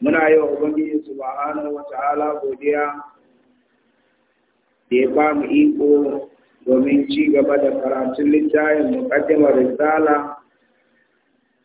muna yi wa ubangiji subhanahu wa ta'ala godiya da ya ba mu iko domin ci gaba da karatun littafin muqaddimar risala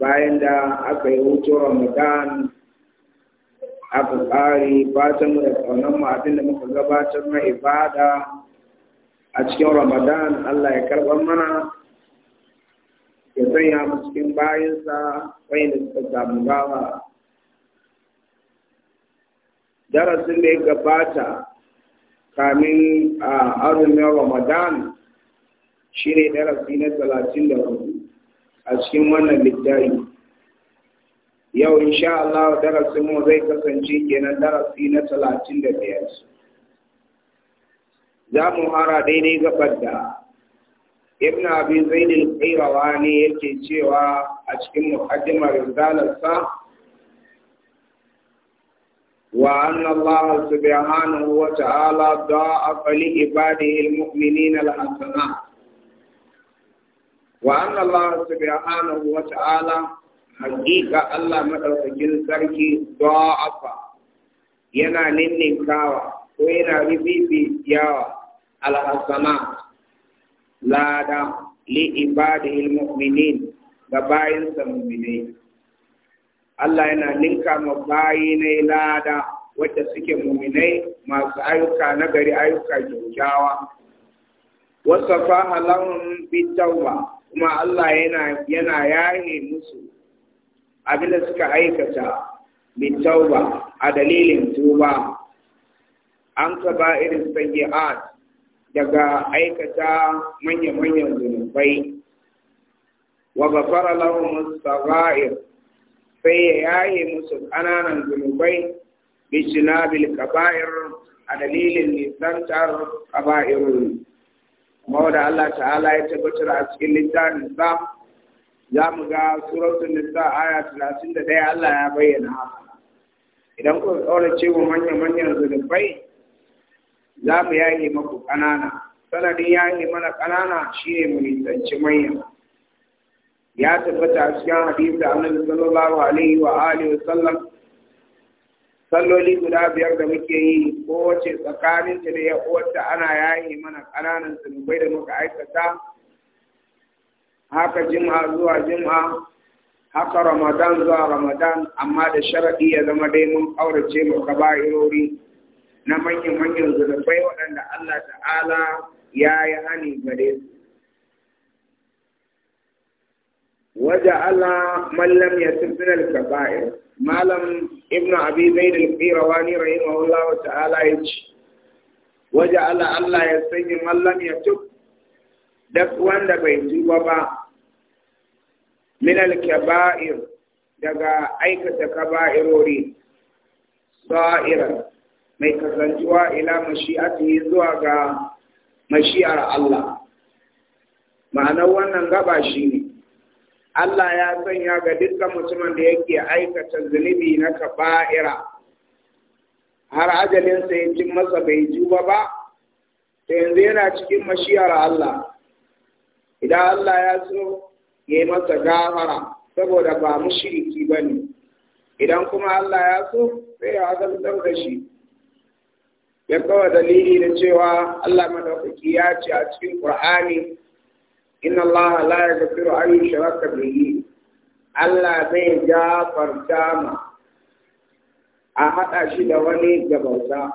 bayan da aka yi hutun ramadan aka ƙari fatan mu da ƙaunar mu abinda muka gabatar na ibada a cikin ramadan allah ya karɓar mana ya sanya mu cikin bayansa wayanda suka samu gawa darasin da ya gabata kamin a azumin ramadan shi ne darasi na talatin da hudu a cikin wannan littafi yau insha Allah darasin mu zai kasance kenan darasi na talatin da biyar za mu hara daidai gabar da ibn abi zaid al-qayrawani yake cewa a cikin muqaddimar risalarsa وأن الله سبحانه وتعالى ضاعف لعباده المؤمنين الحسنات وأن الله سبحانه وتعالى حقيقة الله مدوكين سركي ضاعف ينا ننن كاوى وينا ربيبي ياوى الحسنات لا دا لعباده المؤمنين gabayinsa muminai Allah yana ninka ma bayi na lada wadda suke muminai masu ayyuka na gari ayyuka kyakkyawa wasa faha lahum bitawa kuma Allah yana yana yaye musu abin da suka aikata bitawa a dalilin tuba an kaba irin sayyi'at daga aikata manya-manyan zunubai wa gafara lahum as sai ya yaye musu ƙananan zunubai bishinabil kaba'ir a dalilin nisantar kaba'irun kuma da Allah ta'ala ya tabbatar a cikin littafin sa za mu ga suratul nisa aya 31 Allah ya bayyana haka idan ku tsora cewa manyan manyan zulubai za mu yaye maku ƙanana sanadin yaye mana ƙanana ne mu nisanci manyan ya tabbata a cikin hadisi annabi sallallahu alaihi wa alihi wa sallam salloli guda biyar da muke yi ko wace tsakanin ta da ya ana yayi mana ƙananan zunubai da muka aikata haka jim'a zuwa jim'a haka ramadan zuwa ramadan amma da sharaɗi ya zama dai mun ƙaurace mu kaba'irori na manyan manyan zunubai waɗanda Allah ta'ala ya yi hani gare su waje Allah mallam ya tafi kaba'ir malam ibn abi zaid al-qirawani rahimahullahu ta'ala yace waje ala Allah ya sanya mallam ya tub duk wanda bai tuba ba min al-kaba'ir daga aikata kaba'irori sa'ira mai kasancewa ila mashi'ati zuwa ga mashi'ar Allah ma'anar wannan gaba shi Allah ya sanya ga dukkan mutumin da yake aikata zunubi na kaba'ira har ajalin sa ya cin masa bai juba ba to yanzu yana cikin mashiyar Allah idan Allah ya so ya yi masa gafara saboda ba mushriki bane idan kuma Allah ya so sai ya azabtar da shi ya kawo dalili da cewa Allah madaukaki ya ce a cikin Qur'ani inna allaha la yaghfiru an yushraka bihi Allah zai gafarta ma a haɗa shi da wani da bauta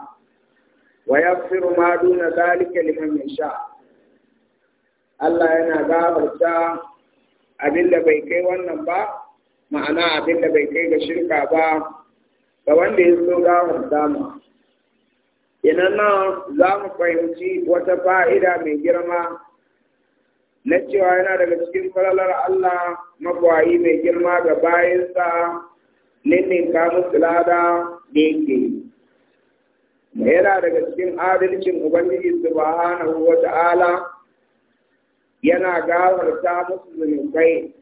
wa yaghfiru ma duna zalika liman yasha Allah yana abin da bai kai wannan ba ma'ana abinda bai kai ga shirka ba ga wanda ya so gafarta ma Ina za mu fahimci wata fa'ida mai girma na cewa yana daga cikin falalar Allah magwayi mai girma ga bayansa ninnin kamun lada da yake yana daga cikin adalcin Ubangiji subhanahu wa ta'ala yana ta musu zunubai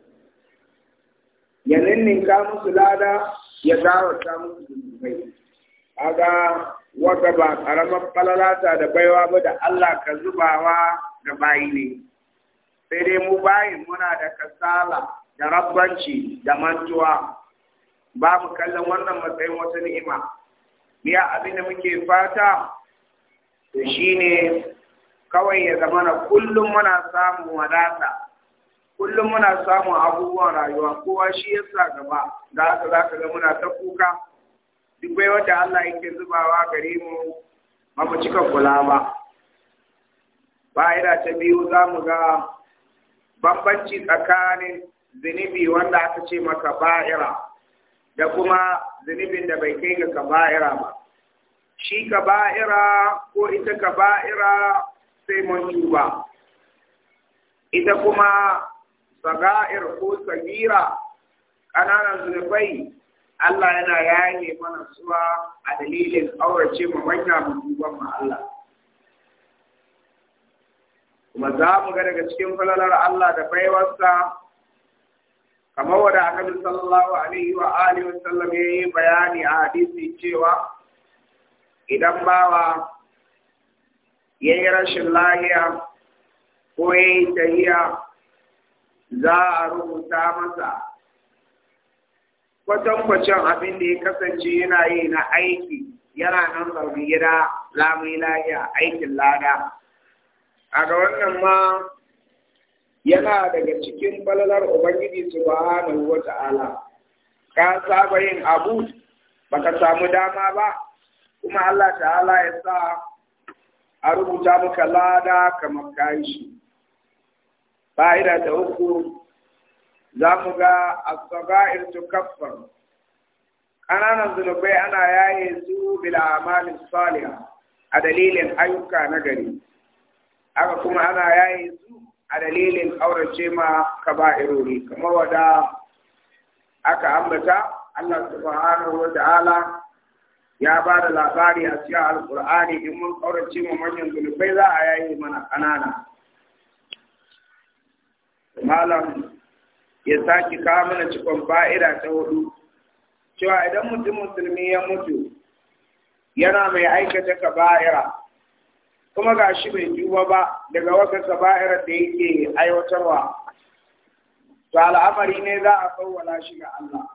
ya nemin kamun lada ya ta musu zunubai aga wata ba ƙaramar falalata da baiwa ba da Allah ka zubawa ga bayi ne sai dai mu bayin muna da kasala da rabbanci da mantuwa ba mu kallon wannan matsayin wata ni'ima biya abin da muke fata to shine kawai ya zama na kullum muna samun wadata kullum muna samun abubuwan rayuwa kowa shi ya sa gaba da haka za ka ga muna ta kuka duk bai wata Allah yake zubawa gare mu ba mu cika kula ba ba ta biyu za mu ga bambanci tsakanin zunubi wanda aka ce maka ba'ira da kuma zunubin da bai kai ga ka ba'ira ba shi ka ba'ira, ko ita ka ba'ira, sai mun tuba ita kuma saga'ir ko sagira ƙananan zunubai Allah yana yaye mana suwa a dalilin aurace mu manya mu tuban ma Allah kuma za mu ga daga cikin falalar Allah da baiwarsa kamar wanda Annabi sallallahu alaihi wa alihi wa sallam ya yi bayani a hadisi cewa idan bawa ya yi rashin lahiya ko ya yi tahiya za a rubuta masa kwatankwacin abin da ya kasance yana yi na aiki yana nan zaune gida lamun lahiya aikin lada a ga wannan ma yana daga cikin balalar ubangiji subhanahu wa ta'ala ka saba yin abu baka samu dama ba kuma Allah ta'ala ya sa a rubuta muka lada kamar kayan shi fa'ida ta uku za mu ga as-sagha'ir ƙananan zunubai ana yaye su bila amalin saliha a dalilin ayyuka na gari aka kuma ana yaye su a dalilin aurace ma ka ba irori kamar wada aka ambata Allah subhanahu wa ta'ala ya ba da labari a cikin alkur'ani in mun kaurace mu manyan zunubai za a yayi mana kanana malam ya saki kawo mana cikon fa'ida ta hudu cewa idan mutum musulmi ya mutu yana mai aikata ka ba'ira kuma ga shi bai duba ba daga wata saba'irar da yake aiwatarwa to al'amari ne za a tsawwala shi ga Allah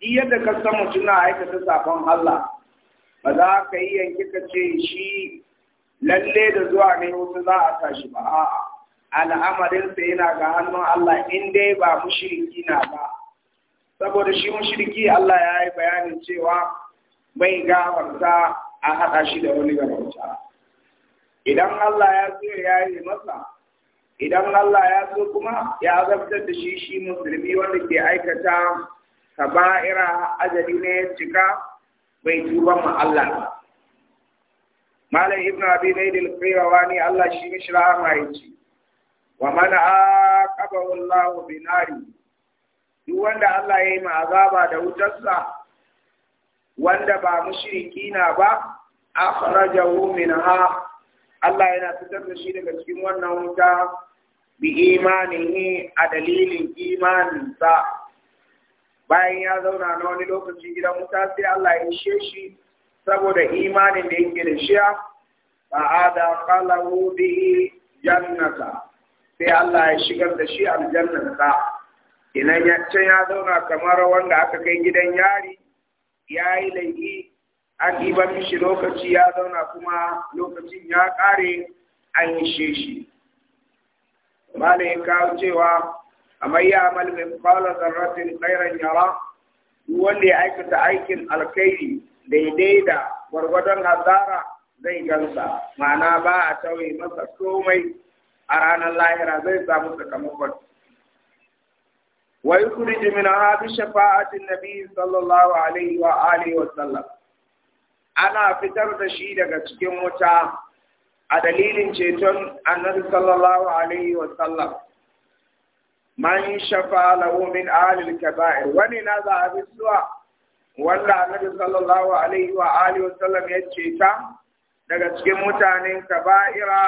duk yadda ka san mutum na aikata sabon Allah ba za ka yi yanki ka ce shi lalle da zuwa ne wasu za a tashi ba a'a al'amarinsa yana ga hannun Allah in dai ba mushiriki na ba saboda shi mushiriki Allah ya yi bayanin cewa bai gawarta a haɗa shi da wani gabata. idan Allah ya so ya yi masa idan Allah ya so kuma ya zartar da shi shi musulmi wanda ke aikata kaba'ira ajali ne ya cika bai tuba ma Allah Malam Ibn Abi Zaid al ne Allah shi ne rahama yace wa man aqabahu Allah bi binari. duk wanda Allah ya yi ma azaba da wutarsa wanda ba mushriki na ba akhrajahu minha Allah yana fitar da shi daga cikin wannan wuta bi imanihi a dalilin imaninsa bayan ya zauna na wani lokaci gidan wuta sai Allah ya ishe shi saboda imanin da yake da shi a ada qalahu bi jannata sai Allah ya shigar da shi aljannata idan ya ya zauna kamar wanda aka kai gidan yari yayi laifi an ɗiba shi lokaci ya zauna kuma lokacin ya ƙare an yi sheshi mala ya kawo cewa amma yi amal mai qala zarratin khairan yara wanda ya aikata aikin alkhairi daidai da gwargwadon hazara zai gansa ma'ana ba a tauye masa komai a ranar lahira zai samu sakamakon Wai kuri jimina ha hadi shafa'atin nabi sallallahu alaihi wa alihi wa sallam ana fitar da shi daga cikin wuta a dalilin ceton annabi sallallahu alaihi wa sallam man shafa lahu min alil kabair wani na za a zuwa wanda annabi sallallahu alaihi wa alihi wa sallam ya ceta daga cikin mutanen kaba'ira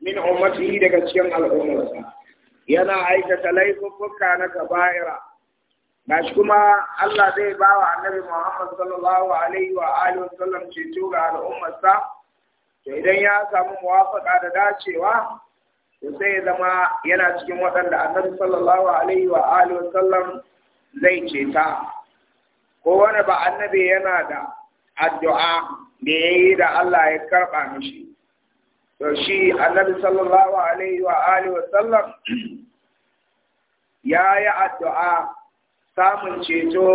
min ummatihi daga cikin al'ummarsa yana aikata laifuffuka na kaba'ira gashi kuma Allah zai ba wa annabi Muhammad sallallahu alaihi wa alihi wa sallam ceto ga al'ummarsa to idan ya samu muwafaka da dacewa to sai ya zama yana cikin waɗanda annabi sallallahu alaihi wa alihi wa sallam zai ceta ko wani ba annabi yana da addu'a da yayi da Allah ya karba mishi to shi annabi sallallahu alaihi wa alihi wa sallam ya yi addu'a samun ceto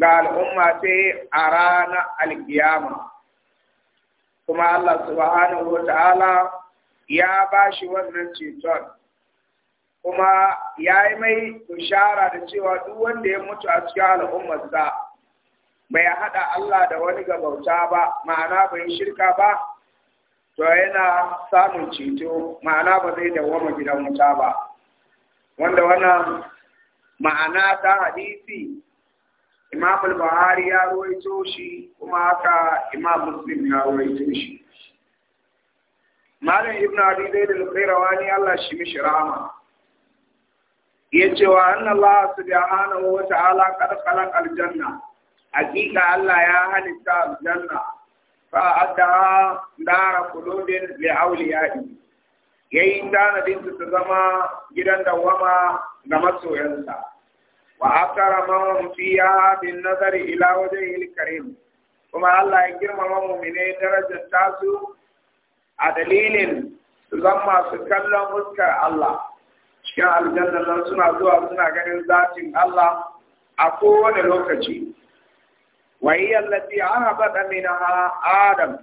ga al'umma sai a ranar alkiyama kuma Allah subhanahu wa ta'ala ya ba shi wannan ceton kuma ya yi mai bishara da cewa duk wanda ya mutu a cikin al'ummarsa bai haɗa Allah da wani gabauta ba ma'ana bai shirka ba to yana samun ceto ma'ana ba zai dawwama gidan wuta ba wanda wannan ma'ana ta hadisi imam al-bahari ya rawaito shi kuma haka imam muslim ya rawaito shi malam ibnu abi zaid al-qayrawani Allah shi mishi rahama yace wa anna Allah subhanahu wa ta'ala qad khalaq al-janna hakika Allah ya halitta al-janna fa adda dara qulubin li awliyaihi ya yi tanadin su zama gidan dawama ga masoyansa wa akara mahum fiha bin nazari ila wajen karim kuma Allah ya girmama mu'mine darajar tasu a dalilin su zama su kallon fuskar Allah cikin aljanna nan suna zuwa suna ganin zatin Allah a kowane lokaci wa hiya allati ahaba minha adam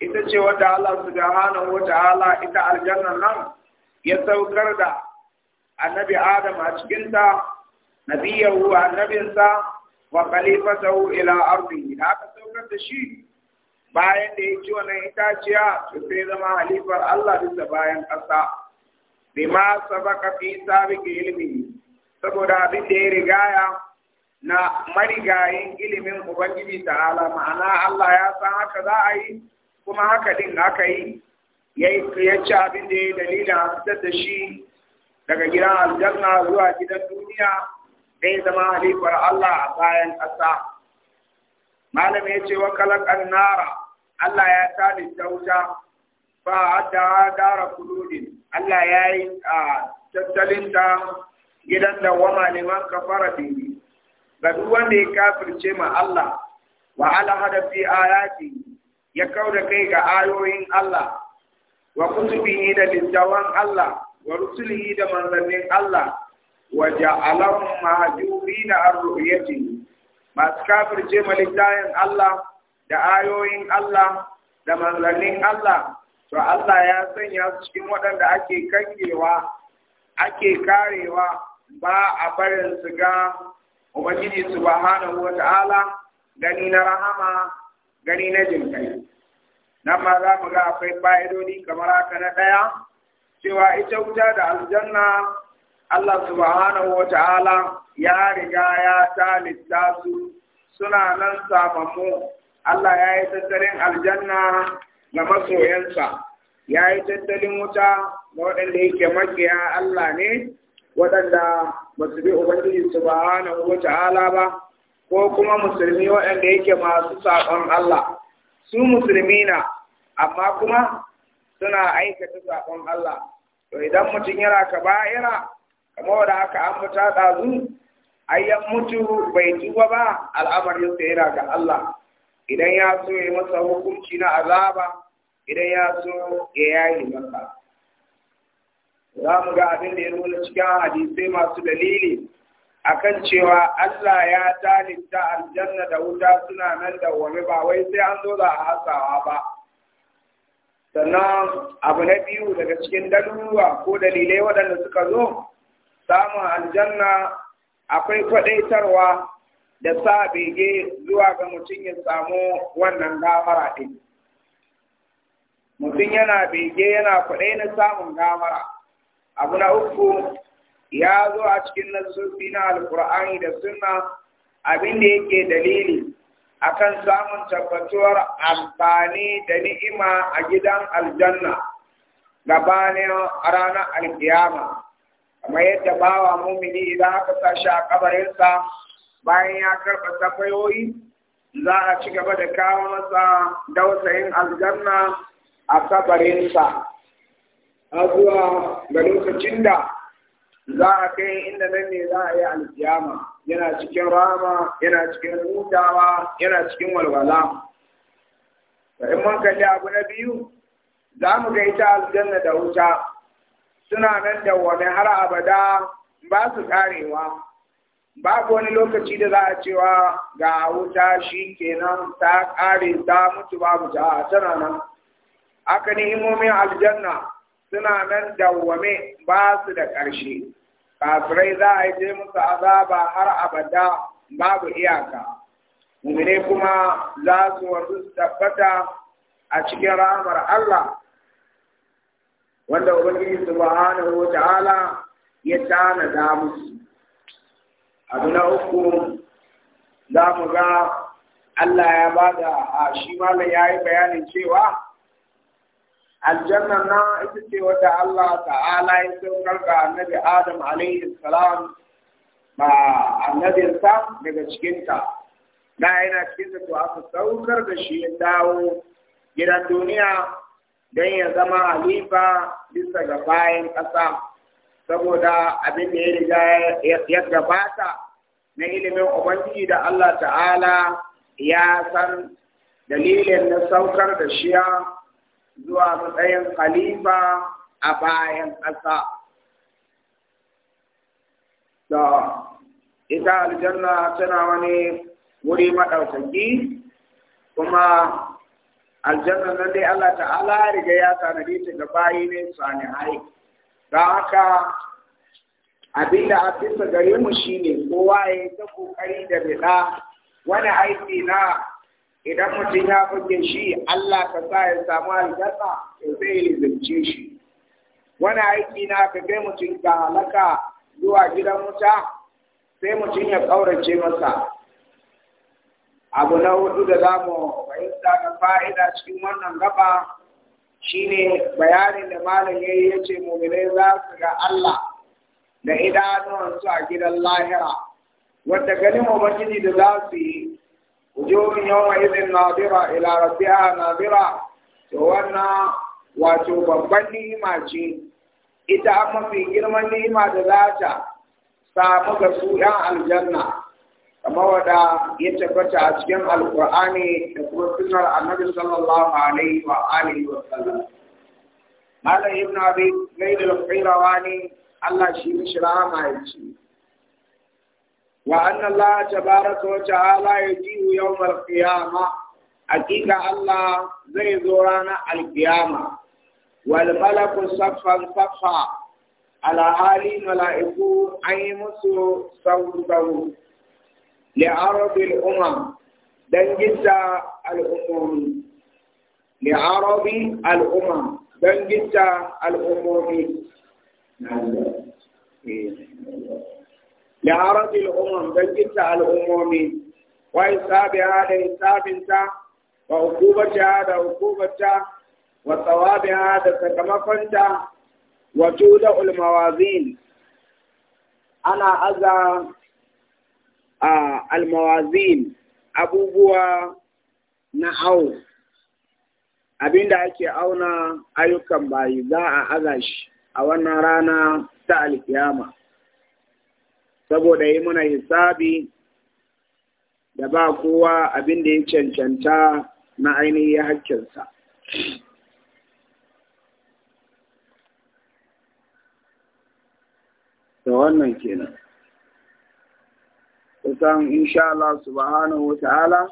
ita ce wadda Allah subhanahu wa ta'ala ita aljanna nan ya saukar da annabi Adam a cikin ta nabiyahu annabinsa wa khalifatahu ila ardihi haka saukar da shi bayan da ya ci wannan itaciya to sai zama halifar Allah bisa bayan ƙasa bima sabaka fi sabiqi ilmi saboda abin da ya rigaya na marigayin ilimin Ubangiji ta'ala ma'ana Allah ya san haka za a yi kuma haka din aka yi ya ci abin da ya dalilin hafitar da shi daga gidan aljanna zuwa gidan duniya da ya zama halifar Allah a bayan ƙasa. Malam ya ce wa kalakar nara Allah ya tani wuta ba a hadda dara kududin Allah ya yi a tattalin ta gidan da wama liman kafara bihi ga duk wanda ya kafirce ma Allah wa ala hada fi ayati ya kauda kai ga ayoyin Allah wa kutubihi da littawan Allah wa rusulihi da manzannin Allah wa ja'alahum mahjubina ar ru'yati masu kafirce malittayin Allah da ayoyin Allah da manzannin Allah to Allah ya sanya su cikin waɗanda ake kankewa ake karewa ba a barin su ga Ubangiji subhanahu wa ta'ala gani na rahama gani na jin kai nan ma za mu ga akwai fa'idodi kamar haka na ɗaya cewa ita wuta da aljanna Allah subhanahu wa ta'ala ya riga ya talitta su suna nan samamu Allah ya yi tattalin aljanna ga masoyansa ya yi tattalin wuta ga waɗanda yake makiya Allah ne waɗanda ba su bi Ubangiji subhanahu wa ta'ala ba ko kuma musulmi waɗanda yake masu saƙon Allah su musulmi na amma kuma suna aikata saƙon Allah to idan mutum yana ba'ira kamar da aka fita ɗazu ayyan mutu bai tuba ba al'amarin sa yana ga Allah idan ya so ya masa hukunci na azaba idan ya so ya yayi masa za mu ga abin da ya nuna cikin hadisai masu dalili akan cewa Allah ya talinta aljanna da wuta suna nan da wani ba wai sai an zo za a hasawa ba sannan abu na biyu daga cikin daluruwa ko dalilai waɗanda suka zo samun aljanna akwai kwaɗaitarwa da sa bege zuwa ga mutum ya samu wannan gamara ɗin mutum yana bege yana kwaɗai na samun gamara, abu na uku ya zo a cikin nasosi na alkur'ani da sunna abin da yake dalili akan samun tabbatuwar amfani da ni'ima a gidan aljanna gabanin ranar alkiyama kamar yadda bawa mumini idan aka sashi a kabarinsa bayan ya karɓa tafayoyi za a ci gaba da kawo masa dausayin aljanna a kabarinsa a zuwa ga lokacin da za a kai inda nan ne za a yi alkiyama yana cikin rama yana cikin hutawa yana cikin walwala in mun kalli abu na biyu za mu ga ita aljanna da wuta suna nan da wani har abada ba su karewa babu wani lokaci da za a cewa ga wuta shi kenan ta kare ta mutu babu ta tana nan aka imomin aljanna suna nan dawwame ba su da ƙarshe kafirai za a je musu azaba har abada babu iyaka mumine kuma za su wanzu su tabbata a cikin ramar Allah wanda ubangiji subhanahu wa ta'ala ya tanada musu abu na uku za mu ga Allah ya bada a shi malam ya yi bayanin cewa aljanna na ita ce wata Allah ta'ala ya saukar ga annabi Adam alaihi salam ba annabinsa daga cikinta da yana cikin to aka saukar da shi ya dawo gidan duniya don ya zama halifa bisa ga bayan ƙasa saboda abin da ya riga ya gabata na ilimin Ubangiji da Allah ta'ala ya san dalilin na saukar da shiya zuwa matsayin khalifa a bayan ƙasa. Da ita aljanna tana wani wuri maɗaukaki kuma aljanna nan dai Allah ta'ala riga ya tanadi ta ga bayi ne hai. Da haka abin da a bisa gare mu shine kowa ya yi ta ƙoƙari da bida wani aiki na idan mutum ya buge shi Allah ka sa ya samu aljanna to zai zance shi wani aiki na ka kai mutum ka halaka zuwa gidan wuta sai mutum ya ƙaurace masa abu na hudu da za mu fahimta da fa'ida cikin wannan gaba shine bayanin da malam yayi yace mu'minai za su ga Allah da idanuwansu a gidan lahira wanda ganin ubangiji da za su yi wujuhun yawma idin nadira ila rabbiha nadira to wannan wato babban ni'ima ce ita an mafi girman ni'ima da za ta samu ga su yan aljanna kamar wada ya tabbata a cikin alkur'ani da kuma sunnar annabi sallallahu alaihi wa alihi wa sallam malam ibn abi gaidul ne. Allah shi mishra ma yace وأن الله تبارك وتعالى يجيء يوم القيامة حقيقة الله زي زورانا القيامة والملك صفا صفا على حال ملائكه أي مسو صوته لعرض الأمم دنجت الأمم لعرض الأمم دنجت الأمم نعم لعرض الأمم بل جدت الأمم وإصاب هذا لإصابها وعقوبتها لعقوبتها وثوابها لتكمفنتها وتوضع الموازين أنا أذا آه الموازين abubuwa na au abinda ake auna ayyukan bayi za a aza shi a wannan rana ta alkiyama saboda yi muna hisabi da ba kowa abin da ya cancanta na ainihin hakkinsa. Da wannan kenan. Kusan insha Allah subhanahu wa ta'ala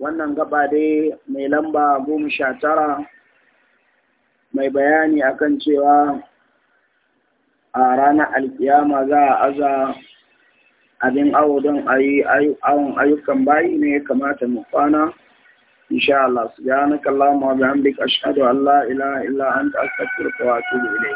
wannan gaba dai mai lamba goma sha tara mai bayani akan cewa a ranar alkiyama za a aza abin awo don a yi awon ayyukan bayi ne ya kamata mu kwana insha Allah subhanaka Allahumma wa bihamdika ashhadu allah ila an illa anta astaghfiruka wa da ilayk